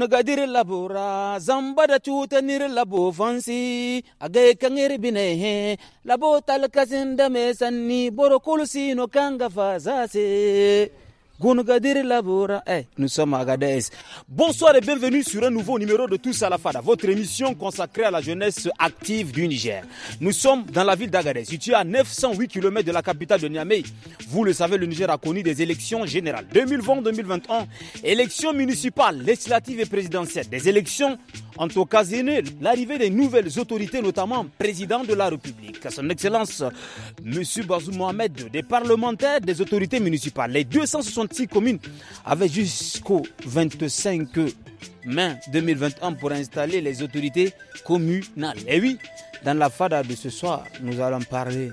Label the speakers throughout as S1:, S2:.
S1: kun gadir labura zamba da cutanir labo fansi agai kangir binehe labo talkasin da me sanni borokul no kanga fazase Eh, nous sommes à Agadez. Bonsoir et bienvenue sur un nouveau numéro de Tous à la Fada, votre émission consacrée à la jeunesse active du Niger. Nous sommes dans la ville d'Agadez, située à 908 km de la capitale de Niamey. Vous le savez, le Niger a connu des élections générales 2020-2021, élections municipales, législatives et présidentielles, des élections ont occasionné l'arrivée des nouvelles autorités, notamment président de la République, son Excellence M. Bazou Mohamed, des parlementaires, des autorités municipales, les 260 36 communes avait jusqu'au 25 mai 2021 pour installer les autorités communales. Et oui, dans la FADA de ce soir, nous allons parler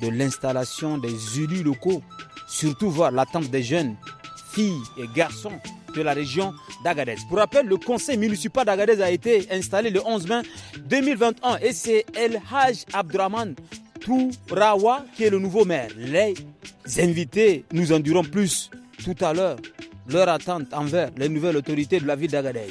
S1: de l'installation des élus locaux, surtout voir l'attente des jeunes, filles et garçons de la région d'Agadez. Pour rappel, le conseil municipal d'Agadez a été installé le 11 mai 2021 et c'est El Haj Abdraman Tourawa qui est le nouveau maire. Les invités nous en durons plus tout à l'heure leur attente envers les nouvelles autorités de la ville d'Agadez.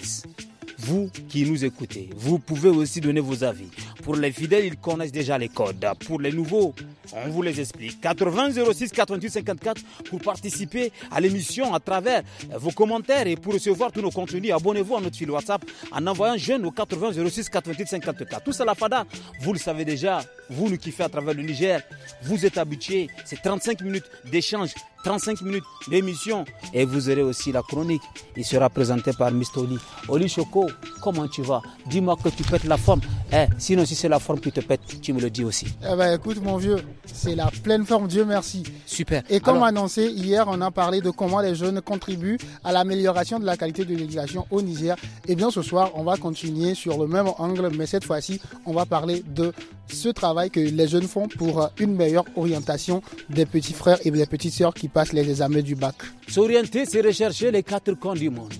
S1: Vous qui nous écoutez, vous pouvez aussi donner vos avis. Pour les fidèles, ils connaissent déjà les codes. Pour les nouveaux, on vous les explique. 80 06 88 54 pour participer à l'émission à travers vos commentaires et pour recevoir tous nos contenus. Abonnez-vous à notre fil WhatsApp en envoyant jeune au 80 06 88 54. Tout ça, la FADA, vous le savez déjà. Vous nous kiffez à travers le Niger. Vous êtes habitués. C'est 35 minutes d'échange 35 minutes d'émission et vous aurez aussi la chronique. Il sera présenté par Mistoli. Oli Choco, comment tu vas Dis-moi que tu pètes la forme. Eh, sinon, si c'est la forme qui te pète, tu me le dis aussi.
S2: Eh ben, écoute, mon vieux, c'est la pleine forme, Dieu merci. Super. Et comme annoncé, hier, on a parlé de comment les jeunes contribuent à l'amélioration de la qualité de l'éducation au Niger. et eh bien, ce soir, on va continuer sur le même angle, mais cette fois-ci, on va parler de ce travail que les jeunes font pour euh, une meilleure orientation des petits frères et des petites sœurs qui passent les examens du bac.
S1: S'orienter, c'est rechercher les quatre coins du monde.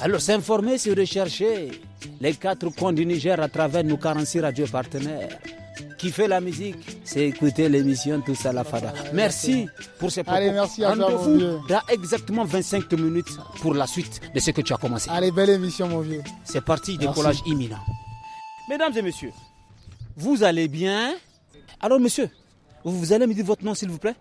S1: Alors s'informer, c'est rechercher les quatre coins du Niger à travers nos 46 radios partenaires. Qui fait la musique, c'est écouter l'émission tout à Merci pour ces propos. Allez, merci à toi, mon vieux. exactement 25 minutes pour la suite de ce que tu as commencé.
S2: Allez, belle émission, mon vieux.
S1: C'est parti, décollage imminent.
S2: Mesdames et messieurs,
S1: vous allez bien Alors, monsieur, vous allez me dire votre nom, s'il vous plaît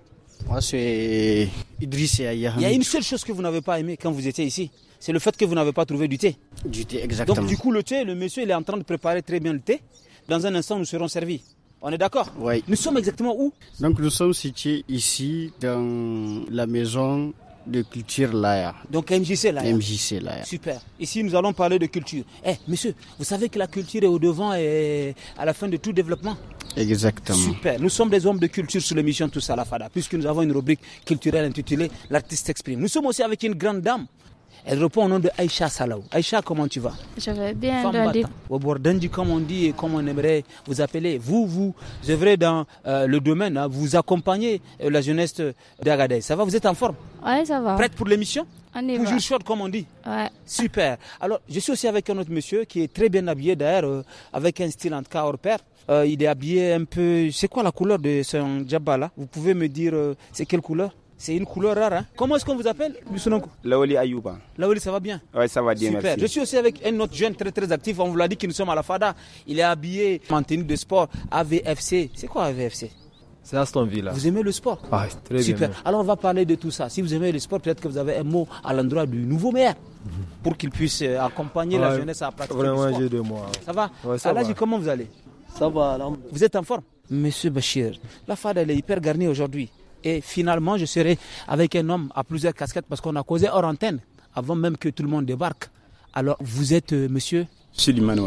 S1: Moi, c'est
S3: Idriss Yahya. Il y a une
S1: seule chose que vous n'avez pas aimé quand vous étiez ici. C'est le fait que vous n'avez pas trouvé du thé. Du thé, exactement. Donc, du coup, le thé, le monsieur, il est en train de préparer très bien le thé. Dans un instant, nous serons servis.
S3: On est d'accord Oui. Nous sommes exactement où Donc, nous sommes situés ici, dans la maison de culture Laya. Donc MJC Laya. MJC Laya.
S1: Super. Ici, nous allons parler de culture. Eh, monsieur, vous savez que la culture est au devant et à la fin de tout développement
S3: Exactement. Super.
S1: Nous sommes des hommes de culture sur l'émission Tous à la Fada, puisque nous avons une rubrique culturelle intitulée L'artiste exprime. Nous sommes aussi avec une grande dame elle répond au nom de Aïcha Salaou. Aïcha, comment tu vas
S4: Je vais bien.
S1: Au bord comme on dit et comme on aimerait vous appeler, vous, vous œuvrez dans euh, le domaine, hein, vous accompagnez euh, la jeunesse d'Agadez. Ça va Vous êtes en forme
S4: Oui, ça va. Prête pour l'émission on y Toujours short, comme on dit ouais.
S1: Super. Alors, je suis aussi avec un autre monsieur qui est très bien habillé d'ailleurs, euh, avec un style en tout cas hors pair. il est habillé un peu. C'est quoi la couleur de son djabba là Vous pouvez me dire c'est quelle couleur c'est une couleur rare. Hein. Comment est-ce qu'on vous appelle
S5: Laoli Ayouba.
S1: Laoli, ça va bien
S5: Oui, ça va bien, Super. Je suis
S1: aussi avec un autre jeune très très actif. On vous l'a dit que nous sommes à la FADA. Il est habillé en tenue de sport AVFC. C'est quoi AVFC c'est Aston Villa. Vous aimez le sport ah, très Super. Alors on va parler de tout ça. Si vous aimez le sport, peut-être que vous avez un mot à l'endroit du nouveau maire pour qu'il puisse euh, accompagner la jeunesse à pratiquer j'ai deux hein. Ça va Alors, comment vous allez Ça va. Vous êtes en forme Monsieur Bachir, la fada elle est hyper garnie aujourd'hui. Et finalement, je serai avec un homme à plusieurs casquettes parce qu'on a causé hors antenne avant même que tout le monde débarque. Alors, vous êtes euh, monsieur Suliman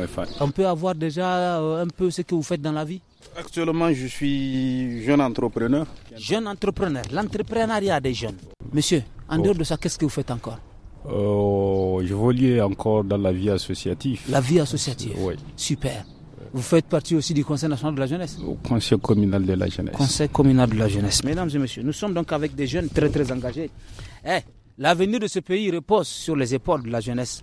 S1: On peut avoir déjà euh, un peu ce que vous faites dans la vie Actuellement, je suis jeune entrepreneur. Jeune entrepreneur, l'entrepreneuriat des jeunes. Monsieur, en dehors de ça, qu'est-ce que vous faites encore
S6: Je oh, voulais encore dans la
S1: vie associative. La vie associative Oui. Super. Vous faites partie aussi du Conseil national de la jeunesse Au
S6: Conseil communal de la jeunesse. Conseil
S1: communal de la jeunesse. Mesdames et messieurs, nous sommes donc avec des jeunes très très engagés. Eh, L'avenir de ce pays repose sur les épaules de la jeunesse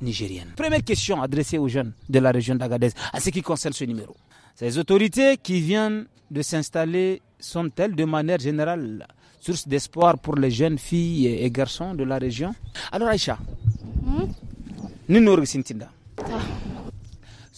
S1: nigérienne. Première question adressée aux jeunes de la région d'Agadez, à ce qui concerne ce numéro. Ces autorités qui viennent de s'installer sont-elles de manière générale source d'espoir pour les jeunes filles et garçons de la région Alors Aïcha, nous nous nous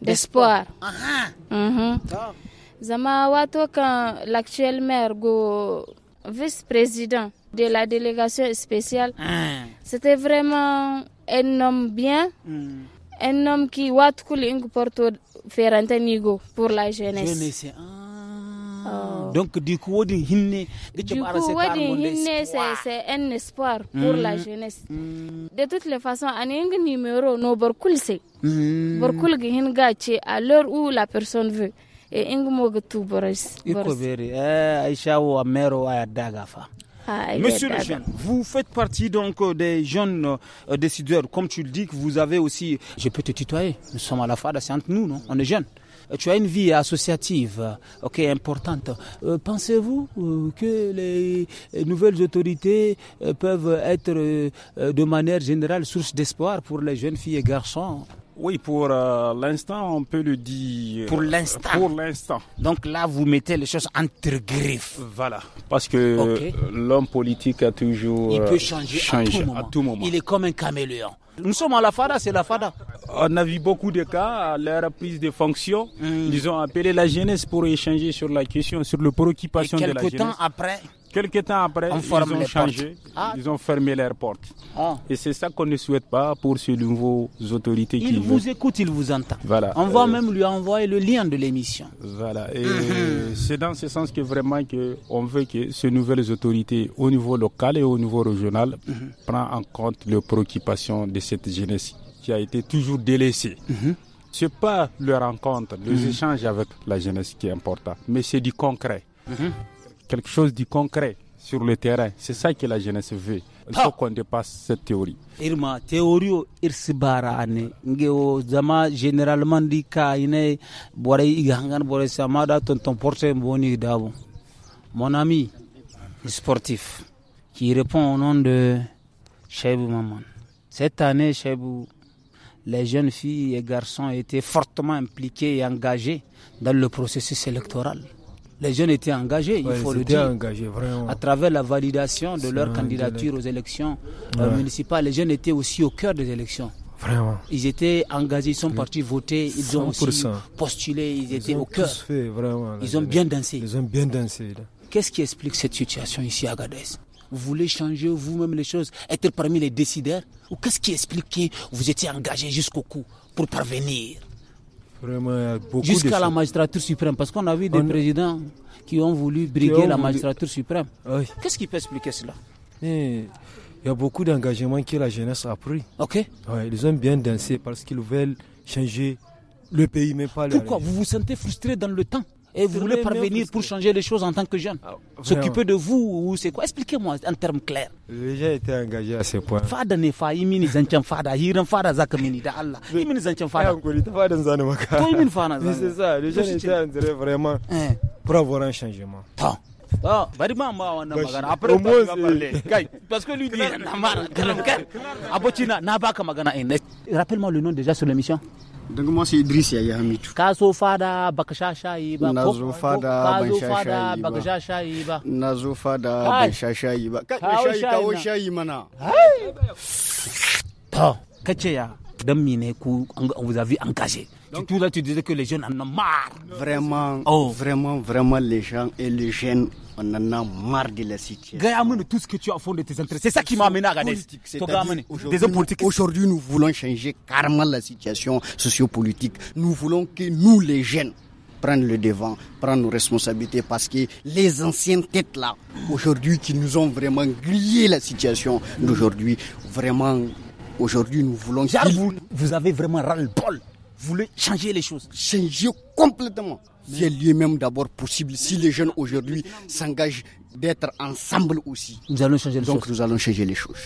S4: d'espoir. Uh-huh. Mm-hmm. Zama wato kan l'actuel maire go vice-président de la délégation spéciale, uh-huh. c'était vraiment un homme bien, mm. un homme qui watkuli de ferantanigo pour la jeunesse. jeunesse.
S1: Ah. Oh. Oh. Donc du coup, du c'est
S4: un espoir pour la mm. jeunesse. Mm. De toutes les façons, on a un numéro, no borkulse. Mm. à l'heure où la personne veut. Et ingumoga tu boris. eh,
S1: Aisha
S4: Monsieur le jeune,
S1: vous faites partie donc euh, des jeunes euh, décideurs. Comme tu le dis, vous avez aussi. Je peux te tutoyer. Nous sommes à la fois, c'est entre nous, non On est jeunes. Euh, tu as une vie associative euh, ok, importante. Euh, pensez-vous que les nouvelles autorités peuvent être de manière générale source d'espoir pour les jeunes filles et garçons oui, pour euh, l'instant, on peut le dire. Pour l'instant. Pour l'instant. Donc là, vous mettez les choses entre griffes. Voilà,
S6: parce que euh, l'homme politique a toujours. Il euh, peut changer à, tout moment.
S1: Il est comme un caméléon. Nous sommes à la FADA, c'est la FADA. On a vu beaucoup de cas à leur prise de fonction. Hum. Ils ont appelé la
S6: jeunesse pour échanger sur la question, sur le préoccupation de la jeunesse. Quelques temps après Quelques temps après, ils ont changé, ah. ils ont fermé leurs portes. Ah. Et c'est ça qu'on ne souhaite pas pour ces nouveaux autorités qui vous écoutent, écoute, vous entendent. On va
S1: euh, même lui envoyer le lien de l'émission. Voilà. Et
S6: mhm. c'est dans ce sens que vraiment que on veut que ces nouvelles autorités au niveau local et au niveau régional mhm. prennent en compte les préoccupations de cette jeunesse qui a été toujours délaissée. Mhm. C'est Ce n'est pas leur rencontre, les échanges avec la jeunesse qui est important, mais c'est du concret quelque chose de concret sur le terrain. C'est ça que la jeunesse veut. Il faut qu'on dépasse cette théorie.
S1: Irma, théorie irsibara ne. Ngeo zama généralement dit ka ine bore igangan bore samada ton ton porte boni dabo. Mon ami, le sportif, qui répond au nom de Chebou Maman. Cette année, Chebou, les jeunes filles et garçons étaient fortement impliqués et engagés dans le processus électoral les jeunes étaient engagés, il faut le dire. Engagés, vraiment. à travers la validation de leur candidature aux élections euh, municipales, les jeunes étaient aussi au cœur des élections. Vraiment. Ils étaient engagés, ils sont partis voter, ils ont aussi postulé, ils, étaient au cœur. ils ont bien dansé. Ils ont bien dansé. Qu'est-ce qui explique cette situation ici à Agadez Vous voulez changer vous-même les choses, être parmi les décideurs Ou qu'est-ce qui explique que vous étiez engagé jusqu'au coup pour parvenir Jusqu'à la magistrature suprême, parce qu'on a vu des présidents qui ont voulu briguer la magistrature suprême. Qu'est-ce qui peut expliquer cela eh, Il y a beaucoup d'engagements que la jeunesse a pris. Ok. ils ont bien dansé parce qu'ils veulent changer le pays, mais pas Pourquoi Vous vous sentez frustré dans le temps et vous voulez parvenir pour changer les choses en tant que jeune ah, S'occuper de vous ou c'est quoi Expliquez-moi en termes clairs.
S5: J'ai été engagé à ce point. Fada
S1: ne fa imini zancen fada hiran fada zaka mini da Allah. Imini zancen fada. Ai eh, hankuri ta fadan zani maka. To imini fana zani. C'est ça, les jeunes étaient entrés vraiment eh. pour avoir un changement. Tant. Ah, bari ma ma wannan bah, magana après ba ka balle parce que lui dit na mara karam kai abocina na baka magana in eh, rappelle-moi le nom déjà sur l'émission daga moi idris ya yi Bakasha ka so fada baka sha shayi ba na ba
S3: na ba shayi kawo shayi mana ya dan ku vous avez engagé
S1: tout là tu disais que les jeunes en ont marre
S3: vraiment oh. vraiment vraiment les gens et les jeunes on en a marre de la situation. tout ce que tu as de tes C'est ça qui m'a amené à hommes Aujourd'hui, aujourd'hui, nous voulons changer carrément la situation sociopolitique. Nous voulons que nous, les jeunes, prennent le devant, prendre nos responsabilités parce que les anciennes têtes là, aujourd'hui, qui nous ont vraiment grillé la situation d'aujourd'hui, vraiment, aujourd'hui, nous voulons. Vous, vous avez vraiment ras-le-bol. Vous voulez changer les choses. Changer complètement. C'est est lui-même d'abord possible si les jeunes aujourd'hui s'engagent d'être ensemble aussi. Nous allons changer les Donc nous allons changer les choses.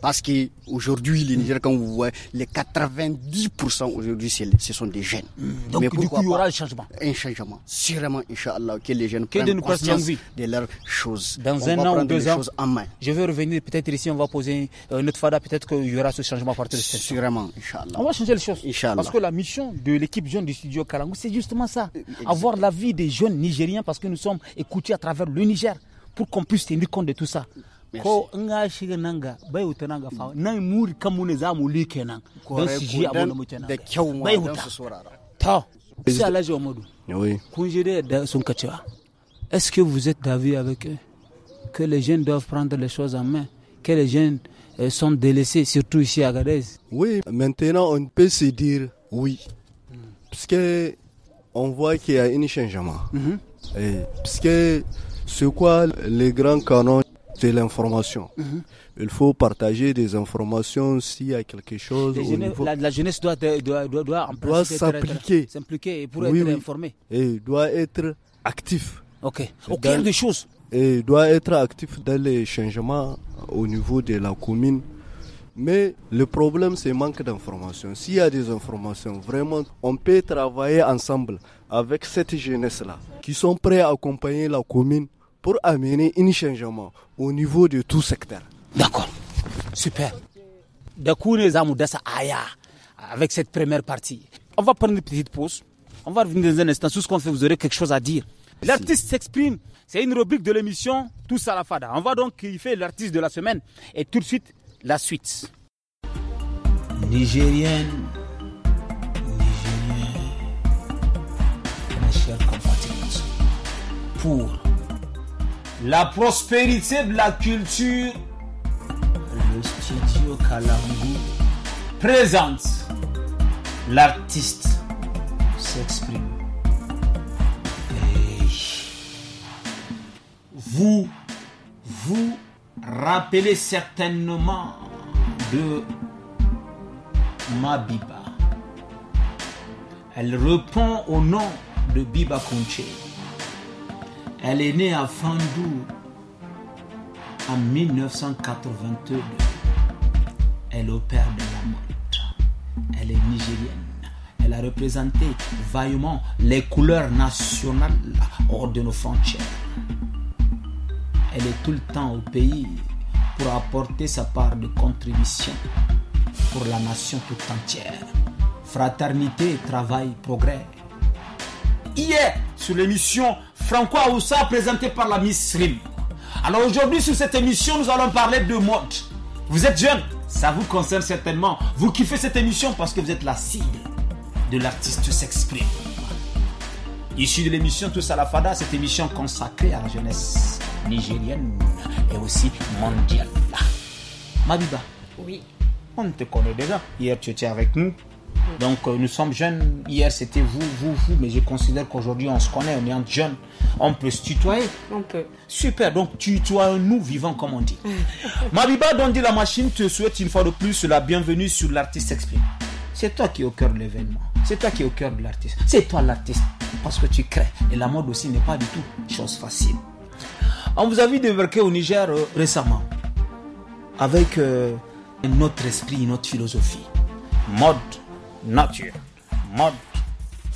S3: Parce qu'aujourd'hui, les Niger, comme vous voyez, les 90% aujourd'hui, ce sont des jeunes. Hmm. Donc, du coup, il y aura un changement. Un changement. Sûrement, Inch'Allah, que les jeunes prennent conscience de leurs choses. Dans un an ou deux ans,
S1: en je vais revenir peut-être ici, on va poser notre fada, peut-être qu'il y aura ce changement à partir de Sûrement, Inch'Allah. On
S3: va changer les choses. Parce que la
S1: mission de l'équipe jeune du studio Kalangou, c'est justement ça. Euh, Avoir la vie des jeunes nigériens parce que nous sommes écoutés à travers le Niger pour qu'on puisse tenir compte de tout ça est-ce que vous êtes d'avis avec eux que les jeunes doivent prendre les choses en main que les jeunes euh, sont délaissés surtout
S3: ici à Gadez oui maintenant on peut se dire oui parce qu'on voit qu'il y a un changement mhm. parce que ce quoi les grands canons de l'information. Mhm. Il faut partager des informations s'il y a quelque chose.
S1: la, jeunesse doit, doit, s'impliquer.
S3: pour être informée. Et doit être actif. Ok. Au des choses. Et doit être actif dans les changements au niveau de la commune. Mais le problème, c'est manque d'informations. S'il y a des informations, vraiment, on peut travailler ensemble avec cette jeunesse-là, qui sont prêts à accompagner la commune pour amener un changement au niveau de tout secteur. D'accord. Super. aya
S1: D'accord, avec cette première partie. On va prendre une petite pause. On va revenir dans un instant. sur ce qu'on fait, vous aurez quelque chose à dire. L'artiste s'exprime. C'est une rubrique de l'émission Tous à la Fada. On va donc kiffer l'artiste de la semaine. Et tout de suite, la suite. Nigérienne, Nigérienne. pour la prospérité de la culture, le studio Kalambu présente l'artiste s'exprime. Vous vous rappelez certainement de Mabiba. Elle répond au nom de Biba Conche. Elle est née à Fandou en 1982. Elle opère de la mode. Elle est nigérienne. Elle a représenté vaillamment les couleurs nationales hors de nos frontières. Elle est tout le temps au pays pour apporter sa part de contribution pour la nation tout entière. Fraternité, travail, progrès. Hier, sur l'émission Francois Aoussa, présenté par la Miss Slim. Alors aujourd'hui, sur cette émission, nous allons parler de mode. Vous êtes jeune, ça vous concerne certainement. Vous kiffez cette émission parce que vous êtes la cible de l'artiste s'exprime. Issu de l'émission Tous à cette émission consacrée à la jeunesse nigérienne et aussi mondiale. Mabiba. Oui. On te connaît déjà. Hier, tu étais avec nous donc euh, nous sommes jeunes. Hier c'était vous, vous, vous, mais je considère qu'aujourd'hui on se connaît, on est jeune, jeunes. On peut se tutoyer. On Super, donc tutoyons-nous vivant comme on dit. Mabiba dit la machine te souhaite une fois de plus la bienvenue sur l'artiste exprime. C'est toi qui es au cœur de l'événement. C'est toi qui es au cœur de l'artiste. C'est toi l'artiste parce que tu crées. Et la mode aussi n'est pas du tout chose facile. On vous a vu débarquer au Niger euh, récemment avec euh, notre esprit, une autre philosophie. Mode nature, mode,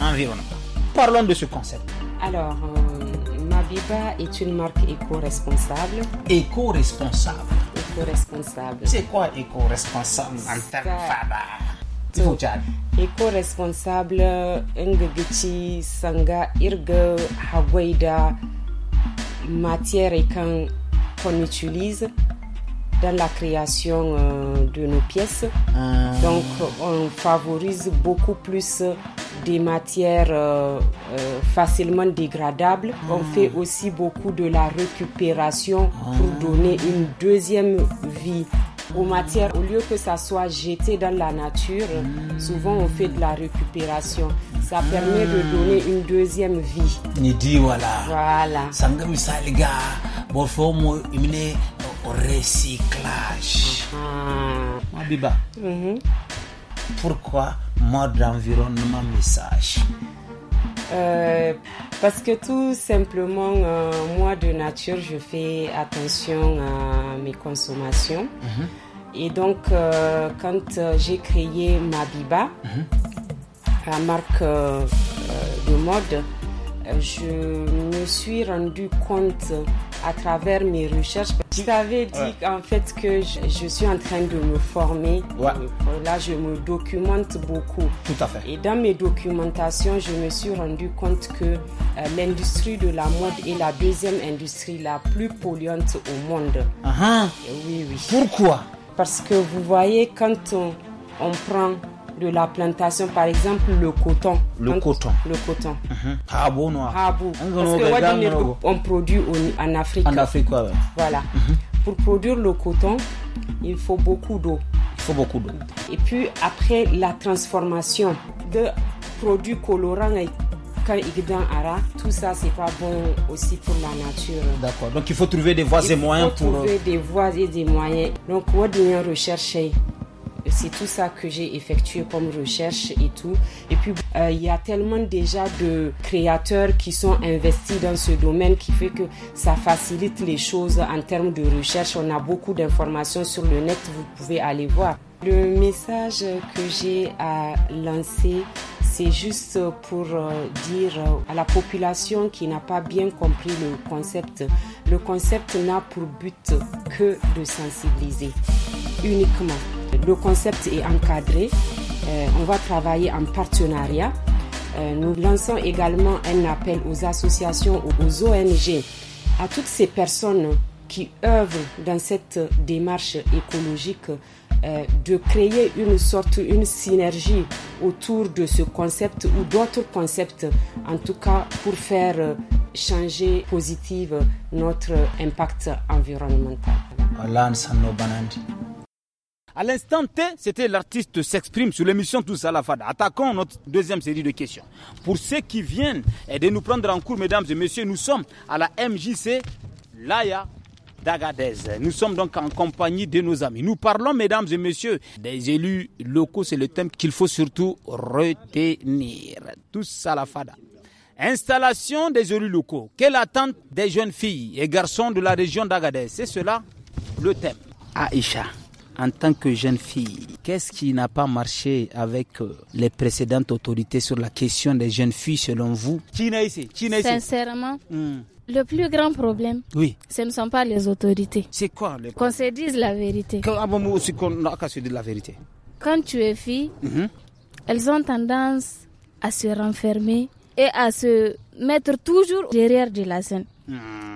S1: environnement. Parlons de ce
S7: concept. Alors, euh, Mabiba est une marque éco-responsable. Éco-responsable. Éco-responsable. C'est quoi éco-responsable en termes fada Éco-responsable, Ngagichi, Sanga, Irga, Hawaïda, matière et qu'on utilise dans la création euh, de nos pièces. Ah. Donc on favorise beaucoup plus des matières euh, euh, facilement dégradables. On ah. fait aussi beaucoup de la récupération pour ah. donner une deuxième vie aux matières. Au lieu que ça soit jeté dans la nature, souvent on fait de la récupération. Ça permet de donner une deuxième vie.
S1: Voilà. Voilà recyclage. Mhm. Mhm. pourquoi mode d'environnement message
S7: euh, parce que tout simplement, euh, moi de nature, je fais attention à mes consommations. Mhm. Et donc, euh, quand j'ai créé Mabiba, la marque de mode, je me suis rendu compte à travers mes recherches. Je t'avais dit en fait que je, je, suis en train de me former. voilà Là, je me documente beaucoup. Tout à fait. Et dans mes documentations, je me suis rendu compte que euh, l'industrie de la mode est la deuxième industrie la plus polluante au monde. Ah, ah. Oui, oui. Pourquoi Parce que vous voyez, quand on, on prend de la plantation, par exemple le coton. Le coton. Le coton. Habu mhm. noir. Parce que on produit en Afrique. En Afrique, ouais. Voilà. Mhm. Pour produire le coton, il faut beaucoup d'eau. Il faut beaucoup d'eau. Et puis après la transformation de produits colorants et tout ça, c'est pas bon aussi pour la nature. D'accord. Donc, il faut
S1: trouver des voies et et moyens pour. Il euh, faut trouver
S7: des voies et des moyens. Donc, on doit rechercher c'est tout ça que j'ai effectué comme recherche et tout. Et puis, euh, il y a tellement déjà de créateurs qui sont investis dans ce domaine qui fait que ça facilite les choses en termes de recherche. On a beaucoup d'informations sur le net, vous pouvez aller voir. Le message que j'ai à lancer, c'est juste pour euh, dire à la population qui n'a pas bien compris le concept, le concept n'a pour but que de sensibiliser uniquement. Le concept est encadré. Euh, on va travailler en partenariat. Euh, nous lançons également un appel aux associations, aux ONG, à toutes ces personnes qui œuvrent dans cette démarche écologique euh, de créer une sorte, une synergie autour de ce concept ou d'autres concepts, en tout cas pour faire changer positive notre impact environnemental. À l'instant T,
S1: c'était l'artiste s'exprime sur l'émission Tous à la Fada. Attaquons notre deuxième série de questions. Pour ceux qui viennent et eh de nous prendre en cours, mesdames et messieurs, nous sommes à la MJC Laya d'Agadez. Nous sommes donc en compagnie de nos amis. Nous parlons, mesdames et messieurs, des élus locaux. C'est le thème qu'il faut surtout retenir. Tous à la Fada. Installation des élus locaux. Quelle attente des jeunes filles et garçons de la région d'Agadez C'est cela le thème. Aïcha en tant que jeune fille, qu'est-ce qui n'a pas marché avec euh, les précédentes autorités sur la question des jeunes filles selon vous
S4: Sincèrement, hmm. Le plus grand problème, oui. ce ne sont pas les autorités. C'est quoi le... Qu'on se dise la vérité.
S1: Ah, la vérité.
S4: Quand tu es fille, mhm. elles ont tendance à se renfermer et à se mettre toujours derrière de la scène.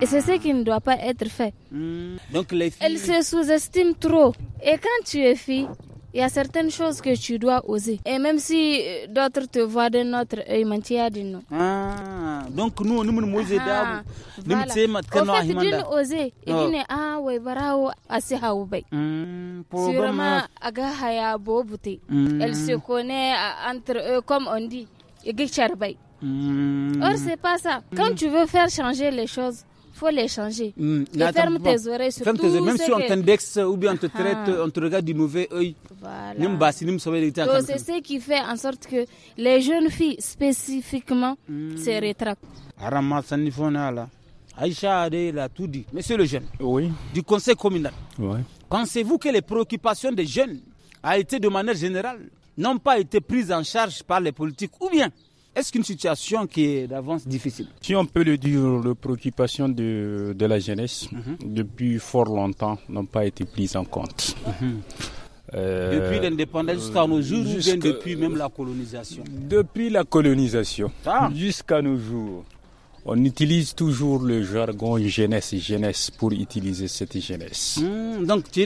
S4: Et c'est ce qui ne doit pas être fait.
S1: Hmm. Donc se
S4: sous estime trop. Et quand tu es fille, il y a certaines choses que tu dois oser. Et même si euh, d'autres te voient d'un autre œil, m'ont dit
S1: ah. donc nous, nous, nous, oser ah, d'abord. Nous, sommes maintenant. fait,
S4: oser. Et ne ah, ouais, voilà, oh, assez
S1: hmm. Sûrement,
S4: aga hmm. Elle se connaît euh, entre comme on dit. Et
S1: Hmm. Or, c'est
S4: pas ça. Quand tu veux faire changer les choses, faut les changer.
S1: Hmm. ferme tes oreilles sur ferme tes Même si on t'indexe ou bien on te ah. traite, on te regarde du mauvais œil.
S4: Voilà.
S1: c'est ce
S4: qui fait en sorte que les jeunes filles spécifiquement hmm. se rétractent.
S1: Aïcha a tout dit. Monsieur le jeune, du conseil communal, pensez-vous que les préoccupations des jeunes a été de manière générale n'ont pas été prises en charge par les politiques ou bien est-ce qu'une situation qui est d'avance difficile
S6: Si on peut le dire, les préoccupations de, la jeunesse, mhm. depuis fort longtemps, n'ont pas été prises en compte. Mhm. Euh, depuis
S1: l'indépendance jusqu'à nos jours ou depuis même la colonisation
S6: Depuis la colonisation, ah. jusqu'à nos jours. On utilise toujours le jargon jeunesse, jeunesse pour utiliser cette jeunesse.
S1: Hmm, donc, c'est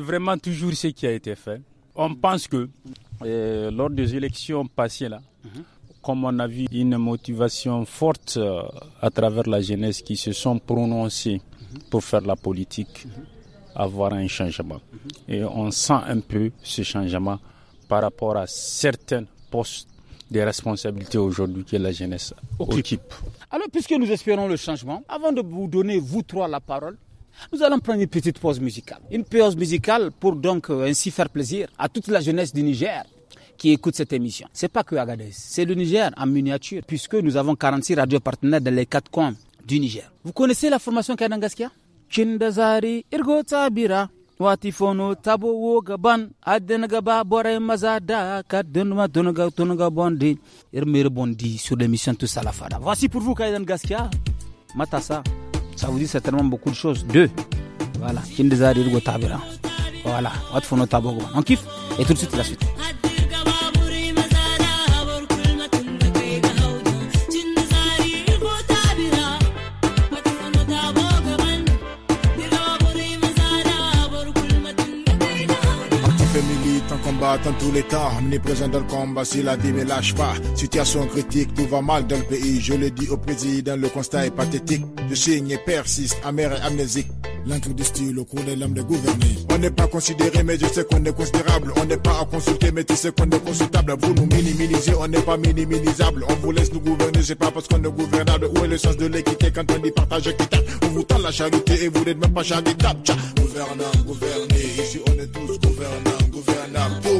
S6: vraiment toujours ce qui a été fait. On pense que lors des élections passées, là, comme on a vu une motivation forte euh, à travers la jeunesse qui se sont prononcées pour faire la politique, avoir un changement. Et on sent un peu ce changement par rapport à certains postes de responsabilité aujourd'hui que la jeunesse occupe.
S1: Alors, puisque nous espérons le changement, avant de vous donner, vous trois, la parole, nous allons prendre une petite pause musicale. Une pause musicale pour donc euh, ainsi faire plaisir à toute la jeunesse du Niger qui écoute cette émission. C'est pas que Agadez, c'est le Niger en miniature puisque nous avons 46 radios partenaires dans les quatre coins du Niger. Vous connaissez la formation Kadangaskia Kindazari watifono tabo sur Voici pour vous Kaidan Gaskia Matassa ça vous dit certainement beaucoup de choses. Deux, voilà, Voilà, on kiffe et tout de suite la suite.
S2: dans tous les temps, omniprésent présent dans le combat, si la vie ne lâche pas. Situation critique, tout va mal dans le pays, je le dis au président, le constat est pathétique. Le signe persiste, amer et amnésique. L'intrigue du style au cours de l'âme de gouverner. On n'est pas considéré, mais je sais qu'on est considérable. On n'est pas à consulter, mais tu sais qu'on est consultable. Vous nous minimisez, on n'est pas minimisable. On vous laisse nous gouverner, c'est pas parce qu'on est gouvernable. Où est le sens de l'équité quand on dit partage équitable On vous tend la charité et vous n'êtes même pas charitable. Gouvernant, gouverné, ici on est tous gouvernants, gouvernables.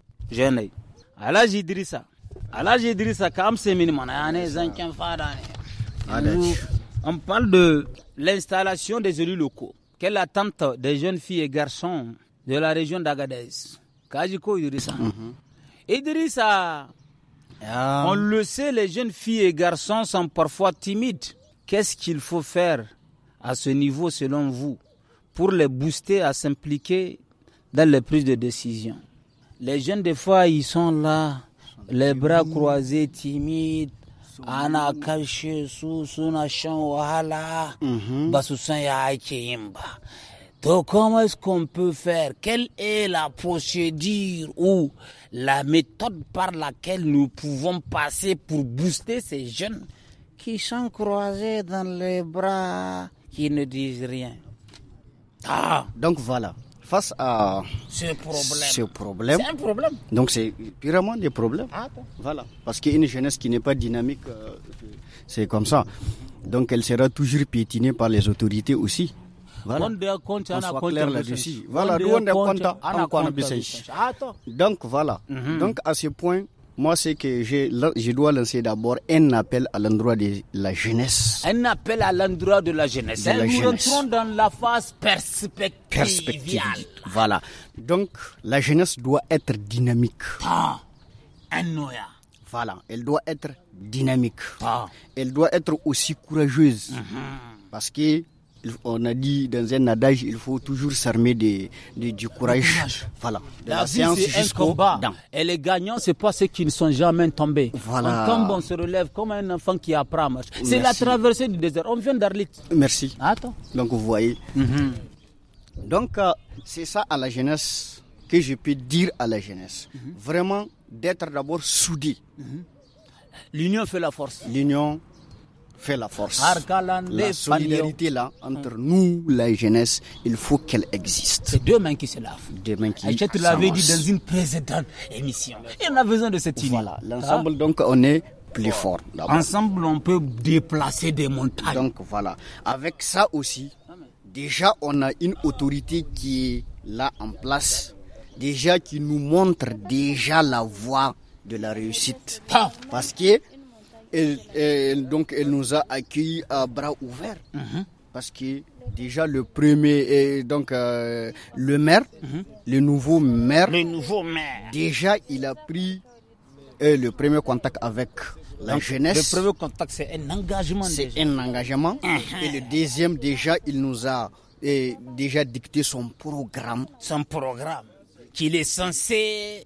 S1: kam on parle de l'installation des élus locaux quelle attente des jeunes filles et garçons de la région d'Agadez Idrissa mhm. on le sait les jeunes filles et garçons sont parfois timides qu'est-ce qu'il faut faire à ce niveau selon vous pour les booster à s'impliquer dans les prises de décision les jeunes, des fois, ils sont là, les bras croisés, timides. ana suna shan wahala ba su san Donc comment est-ce qu'on peut faire Quelle est la procédure ou la méthode par laquelle nous pouvons passer pour booster ces jeunes qui sont
S3: croisés dans les bras, qui ne disent rien Ah Donc voilà face à ce problème. C'est un problème. Donc c'est purement des problèmes. Ah, voilà. Parce qu'une jeunesse qui n'est pas dynamique, euh, c'est comme ça. Donc elle sera toujours piétinée par les autorités aussi. Voilà. On ah, Donc voilà. Mhm. Donc à ce point, moi, c'est que je, je dois lancer d'abord un appel à l'endroit de la jeunesse.
S1: Un appel à l'endroit de la jeunesse. nous dans la phase perspective. Perspective.
S3: Voilà. Donc, la jeunesse doit être dynamique. Ah, voilà. Elle doit être dynamique. Ah. Elle doit être aussi courageuse. Mhm. Parce que on a dit dans un adage, il faut toujours s'armer de, du courage. Voilà. la, la c'est jusqu'au combat.
S1: Et les gagnants, c'est pas ceux qui ne sont
S3: jamais tombés. Voilà. On tombe,
S1: on se relève comme un enfant qui apprend à marcher. C'est la traversée
S3: du désert. On vient d'Arlit. Merci. Attends. Ah, Donc vous voyez. Mhm. Donc euh, c'est ça à la jeunesse que je peux dire à la jeunesse. Mhm. Vraiment d'être d'abord soudé. Mhm. L'union fait la force. L'union fait la force. La solidarité là, entre nous, la jeunesse, il faut qu'elle existe. C'est deux qui se lavent. Je te l'avais dit dans une
S1: précédente émission. Et on a
S3: besoin de cette idée Voilà, l'ensemble donc on est plus fort. Ensemble on peut déplacer des montagnes. Donc voilà, avec ça aussi, déjà on a une autorité qui est là en place, déjà qui nous montre déjà la voie de la réussite. Parce que et, donc, elle nous a accueillis à bras ouverts. Mhm. Parce que déjà le premier donc euh, le mhm. maire, le nouveau maire. Déjà, il a pris euh, le premier contact avec la jeunesse. Le premier contact, c'est un engagement. C'est un engagement. Mhm. Et le deuxième, déjà, il nous a déjà dicté son programme. Son programme qu'il est censé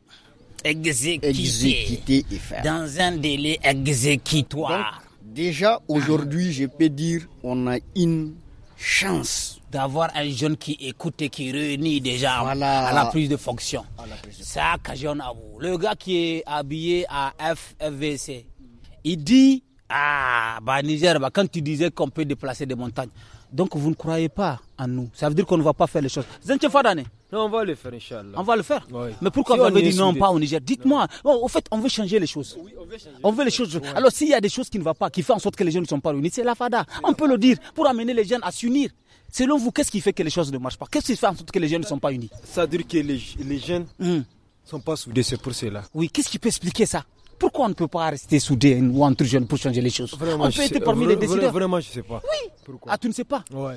S3: exécuté, dans
S1: un délai exécutoire. déjà aujourd'hui,
S3: je peux dire on a une chance
S1: d'avoir un jeune qui écoute et qui réunit déjà à la prise de fonction. Ça occasionne à vous. Le gars qui est habillé à FFVC, il dit Ah, bah Niger, bah, quand tu disais qu'on peut déplacer des montagnes. Donc vous ne croyez pas en nous. Ça veut dire qu'on ne va pas faire les choses. Non, on va le faire, Inch'Allah. On va le faire oui. Mais pourquoi on vous avez dit non, pas au Niger Dites-moi. Oh, au fait, on veut changer les choses. Oui, on veut changer, on veut les choses. Alors, s'il y a des choses qui ne vont pas, qui font en sorte que les jeunes ne sont pas unis, c'est la FADA. On peut le dire pour amener les jeunes à s'unir. Selon vous, qu'est-ce qui fait que les choses ne marchent pas Qu'est-ce qui fait en sorte que les jeunes ne sont pas unis Ça veut dire que les, jeunes ne hmm. sont pas soudés, c'est pour cela. Oui, qu'est-ce qui peut expliquer ça pourquoi on ne peut pas rester soudés ou entre jeunes pour changer les choses vraiment, On peut être parmi les décideurs. Vraiment, je ne sais pas. Oui. ah, tu ne sais pas Oui.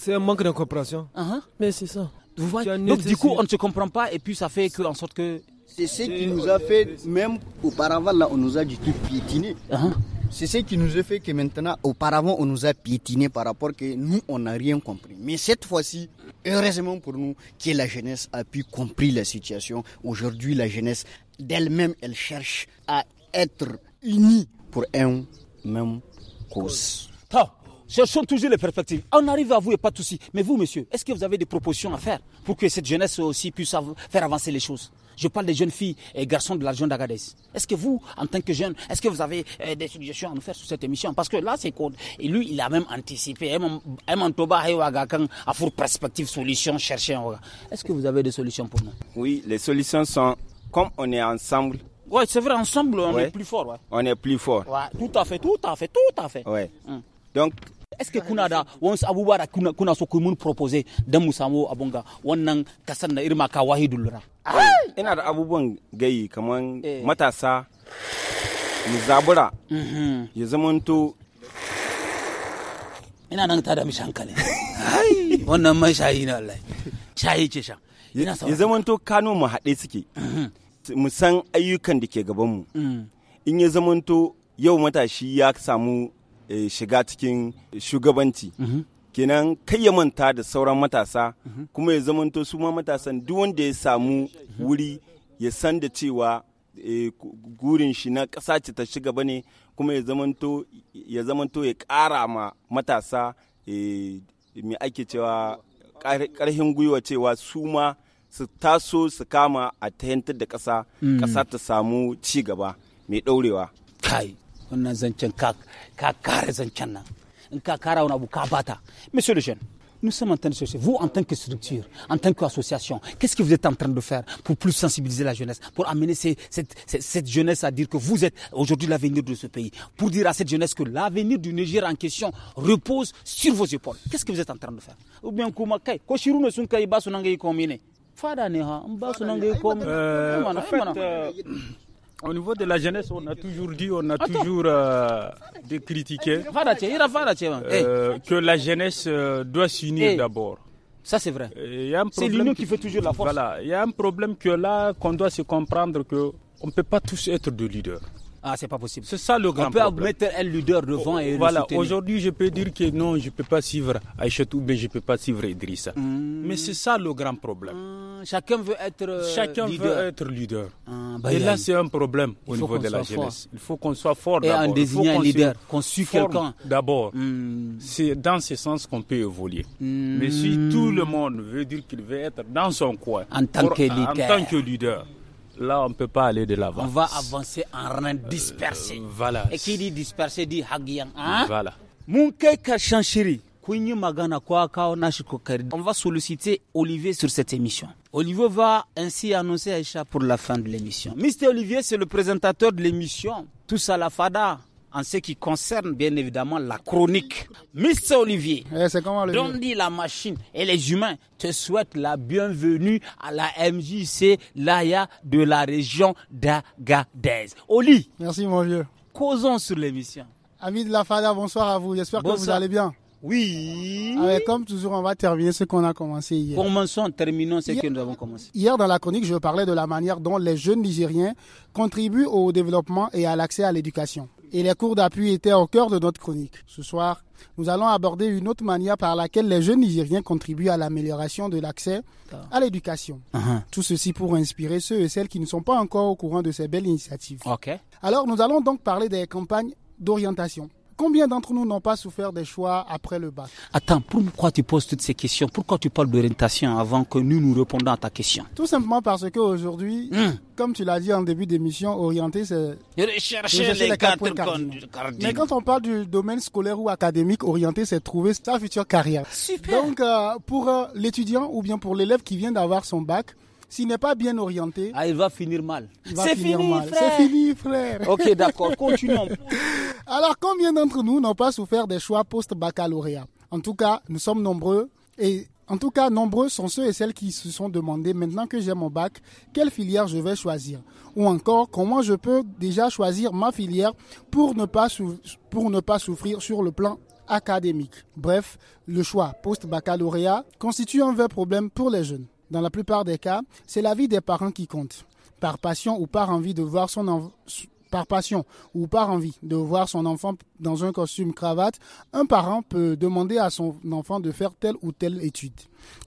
S1: C'est un manque de compréhension. Uh-huh. Mais c'est ça. Donc du coup, on ne se comprend pas
S3: et puis ça fait que, en sorte que... C'est ce qui nous a fait, même auparavant, là, on nous a du tout piétiné. Uh-huh. C'est ce qui nous a fait que maintenant, auparavant, on nous a piétiné par rapport que nous, on n'a rien compris. Mais cette fois-ci, heureusement pour nous, que la jeunesse a pu comprendre la situation. Aujourd'hui, la jeunesse, d'elle-même, elle cherche à être unie pour un même cause.
S1: Cherchons toujours les perspectives. On arrive à vous et pas de soucis. Mais vous, monsieur, est-ce que vous avez des propositions à faire pour que cette jeunesse aussi puisse faire avancer les choses Je parle des jeunes filles et garçons de la région d'Agadez. Est-ce que vous, en tant que jeune, est-ce que vous avez euh, des suggestions à nous faire sur cette émission Parce que là, c'est quoi. Et lui, il a même anticipé. Eh, perspective, solution, chercher. Est-ce que vous avez des solutions pour nous
S5: Oui, les solutions sont comme on est ensemble.
S1: Oui, c'est vrai, ensemble, on est plus fort. On est plus fort. tout à fait, tout à fait, tout à fait. Hum. Donc, Eske kuna da wasu abubuwa da kuna, so ku mun propose don mu samu abun ga wannan kasar na irma ka wahidu lura.
S5: Ina da abubuwan gayi kamar eh. matasa mu zabura mhm. ya zamanto
S1: ina nan ta da mishi hankali
S5: wannan mai shayi na wallahi
S1: shayi ce sha
S5: ya zamanto kano mu haɗe suke mhm. mu san ayyukan da ke gaban mu mm. in ya zamanto yau matashi ya samu Eh, shiga cikin shugabanci mhm. kenan kai ya manta da sauran matasa mhm. kuma ya zamanto su ma matasan duk wanda ya samu mhm. wuri ya san da cewa eh, gurin shi na kasa ce ta shiga bane kuma ya zamanto ya ƙara ma matasa eh, mai ake cewa karhin gwiwa cewa su ma su taso su kama a tayantar da kasa. kasa mm. ta samu
S1: ci gaba mai ɗaurewa kai monsieur le jeune nous sommes en train de chercher, vous en tant que structure, en tant qu'association, qu'est-ce que vous êtes en train de faire pour plus sensibiliser la jeunesse, pour amener cette, jeunesse à dire que vous êtes aujourd'hui l'avenir de ce pays, pour dire à cette jeunesse que l'avenir du Niger en question repose sur vos épaules. Qu'est-ce que vous êtes en train de faire Ou bien
S6: au niveau de la jeunesse, on a toujours dit, on a toujours euh, de critiqué hein. euh, eh. que la jeunesse euh, doit s'unir eh. d'abord. Ça, c'est vrai. C'est l'union qui fait toujours la force. Voilà. Il y a un problème que là, qu'on doit se comprendre que on ne peut pas tous être des leaders.
S1: Ah, c'est pas possible. C'est ça le grand On peut mettre un leader devant oh, Voilà, aujourd'hui,
S6: je peux dire que non, je peux pas suivre ou Oubé, je peux pas suivre Idrissa. Hmm.
S1: Mais c'est ça le
S6: grand problème. Ah,
S1: chacun veut être euh, Chacun leader. veut
S6: être leader. Ah, bah, et là, c'est un problème au niveau de la jeunesse. Il
S1: faut qu'on soit fort
S6: d'abord. Et en désignant un leader, qu'on suit quelqu'un. D'abord, hmm. c'est dans ce sens qu'on peut évoluer. Mais si hmm. tout le monde veut dire qu'il veut
S1: être dans son coin,
S6: en tant, En tant que leader là, on ne peut pas aller de l'avant. On va
S1: avancer en rein dispersé. Euh, Et qui dit dispersé dit hagiyan. Hein? Voilà. On va solliciter Olivier sur cette émission. Olivier va ainsi annoncer Aïcha pour la fin de l'émission. Mister Olivier, c'est le présentateur de l'émission. Tous à la fada en ce qui concerne bien évidemment la chronique. Mr Olivier, eh, dont dit la machine et les humains te souhaitent la bienvenue à la MJC Laya de la région d'Agadez.
S2: Oli. Merci mon vieux. Causons sur l'émission. Ami de la Fada, bonsoir à vous. J'espère que vous allez bien. Oui. Ah comme toujours, on va terminer ce qu'on a commencé hier. Commençons,
S1: terminons ce que nous avons commencé.
S2: Hier, dans la chronique, je parlais de la manière dont les jeunes Nigériens contribuent au développement et à l'accès à l'éducation et les cours d'appui étaient au cœur de notre chronique. Ce soir, nous allons aborder une autre manière par laquelle les jeunes Nigériens contribuent à l'amélioration de l'accès ah. à l'éducation. Ah, ah. Tout ceci pour inspirer ceux et celles qui ne sont pas encore au courant de ces belles initiatives. Alors, nous allons donc parler des campagnes d'orientation. Combien d'entre nous n'ont pas souffert des choix après le bac
S1: Attends, pourquoi tu poses toutes ces questions Pourquoi tu parles d'orientation avant que nous nous répondions à ta question
S2: Tout simplement parce qu'aujourd'hui, hmm. comme tu l'as dit en début d'émission, orienter, c'est rechercher les, quatre Mais quand on parle du domaine scolaire ou académique, orienter, c'est trouver sa future carrière. Super. Donc, euh, pour euh, l'étudiant ou bien pour l'élève qui vient d'avoir son bac, s'il n'est pas bien orienté. Ah, il va finir mal. C'est fini, frère. C'est fini, frère. Ok, d'accord, continuons. Alors, combien d'entre nous n'ont pas souffert des choix post-baccalauréat En tout cas, nous sommes nombreux et en tout cas, nombreux sont ceux et celles qui se sont demandé, maintenant que j'ai mon bac, quelle filière je vais choisir ou encore comment je peux déjà choisir ma filière pour ne pas, pour ne pas souffrir sur le plan académique. Bref, le choix post-baccalauréat constitue un vrai problème pour les jeunes. Dans la plupart des cas, c'est la vie des parents qui compte. Par passion ou par envie de voir son, par passion ou par envie de voir son enfant dans un costume cravate, un parent peut demander à son enfant de faire telle ou telle étude.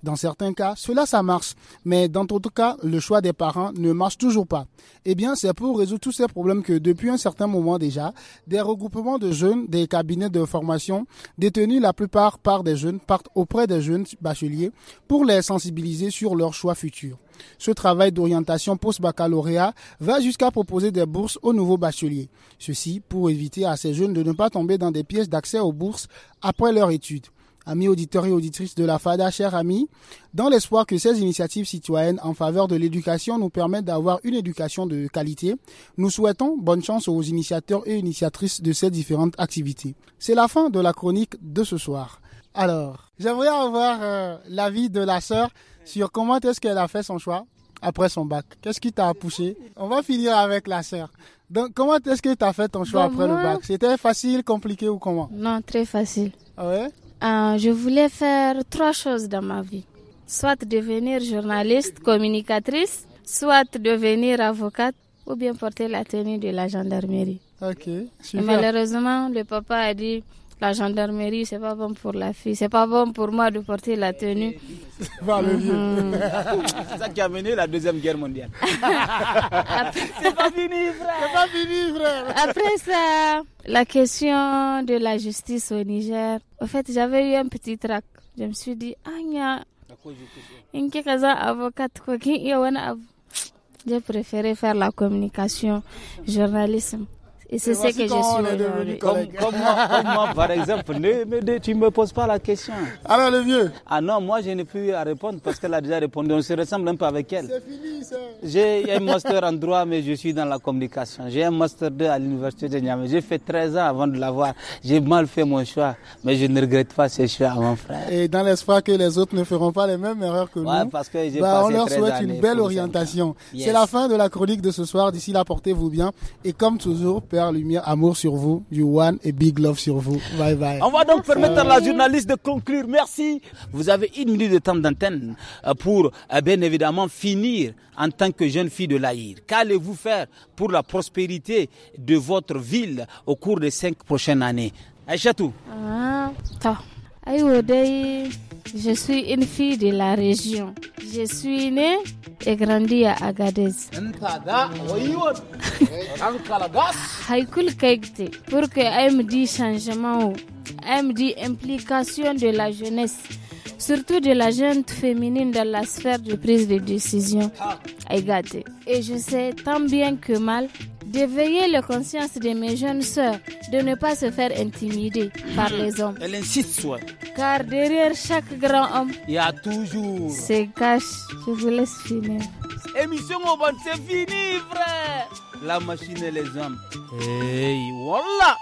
S2: Dans certains cas, cela ça marche, mais dans d'autres cas, le choix des parents ne marche toujours pas. Eh bien, c'est pour résoudre tous ces problèmes que depuis un certain moment déjà, des regroupements de jeunes, des cabinets de formation, détenus la plupart par des jeunes, partent auprès des jeunes bacheliers pour les sensibiliser sur leurs choix futurs. Ce travail d'orientation post-baccalauréat va jusqu'à proposer des bourses aux nouveaux bacheliers. Ceci pour éviter à ces jeunes de ne pas pas tomber dans des pièces d'accès aux bourses après leur étude. Amis auditeurs et auditrices de la FADA, chers amis, dans l'espoir que ces initiatives citoyennes en faveur de l'éducation nous permettent d'avoir une éducation de qualité, nous souhaitons bonne chance aux initiateurs et initiatrices de ces différentes activités. C'est la fin de la chronique de ce soir. Alors, j'aimerais avoir euh, l'avis de la sœur sur comment est-ce qu'elle a fait son choix après son bac. Qu'est-ce qui t'a poussé On va finir avec la sœur comment est-ce que tu as fait ton choix après le bac C'était facile, compliqué ou comment
S4: Non, très facile. Ah ouais euh, Je voulais faire trois choses dans ma vie. Soit devenir journaliste, communicatrice, soit devenir avocate ou bien porter la tenue de la gendarmerie. Ok, super. Et malheureusement, le papa a dit la gendarmerie, c'est pas bon pour la fille, c'est pas bon pour moi de porter la tenue. C'est le mhm.
S1: c'est ça qui a mené la deuxième guerre mondiale. c'est pas
S4: frère. pas fini, frère. Après ça, la question de la justice au Niger. En fait, j'avais eu un petit trac. Je me suis dit, Anya, ah, avocate, quoi, J'ai préféré faire la communication, journalisme. Et c'est ça que je suis comme, comme, moi, comme, moi,
S1: par exemple. mais tu ne me poses pas la question. Alors, le vieux Ah non, moi, je n'ai plus à répondre parce qu'elle a déjà répondu. On se ressemble un peu avec elle. C'est fini, ça. J'ai un master en droit, mais je suis dans la communication. J'ai un master 2 à l'université de Niamey. J'ai fait 13 ans avant de l'avoir. J'ai mal fait mon choix, mais je ne regrette pas ce choix, mon frère.
S2: Et dans l'espoir que les autres ne feront pas les mêmes erreurs que ouais, nous, parce que bah, on leur souhaite une belle orientation. C'est la fin de la chronique de ce soir. D'ici là, portez-vous bien. Et comme toujours, lumière, amour sur vous, you one et big love sur vous. Bye bye. On va donc permettre à la euh.
S1: journaliste de conclure. Merci. Vous avez une minute de temps d'antenne euh, pour, euh, bien évidemment, finir en tant que jeune fille de l'Aïr. Qu'allez-vous faire pour la prospérité de votre ville au cours des cinq prochaines années? Aïchatou.
S4: Ah, je suis une fille de la région. Je suis née et grandie à Agadez. Haïkul me pour que AMD changement, AMD implication de la jeunesse, surtout de la jeune féminine dans la sphère de prise de décision. Et je sais tant bien que mal d'éveiller la conscience de mes jeunes soeurs, de ne pas se faire intimider par mm. les hommes.
S1: Elle incite soit.
S4: Car derrière chaque grand homme,
S1: il y a toujours.
S4: C'est cache. Je vous laisse finir.
S1: Émission au bon, c'est fini, frère. La machine et les hommes. Hey, voilà.